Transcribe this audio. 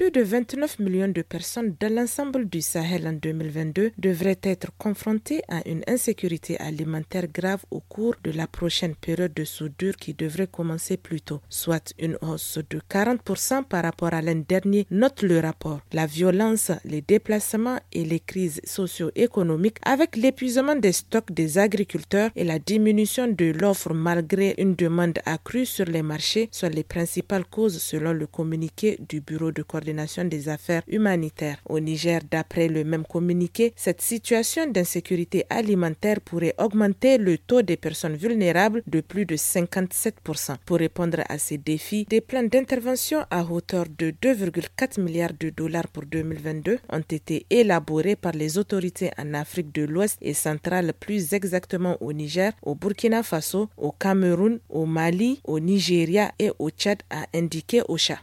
plus de 29 millions de personnes dans l'ensemble du Sahel en 2022 devraient être confrontées à une insécurité alimentaire grave au cours de la prochaine période de soudure qui devrait commencer plus tôt, soit une hausse de 40% par rapport à l'an dernier, note le rapport. La violence, les déplacements et les crises socio-économiques avec l'épuisement des stocks des agriculteurs et la diminution de l'offre malgré une demande accrue sur les marchés sont les principales causes selon le communiqué du bureau de coordination des affaires humanitaires. Au Niger, d'après le même communiqué, cette situation d'insécurité alimentaire pourrait augmenter le taux des personnes vulnérables de plus de 57%. Pour répondre à ces défis, des plans d'intervention à hauteur de 2,4 milliards de dollars pour 2022 ont été élaborés par les autorités en Afrique de l'Ouest et centrale, plus exactement au Niger, au Burkina Faso, au Cameroun, au Mali, au Nigeria et au Tchad, a indiqué Ocha.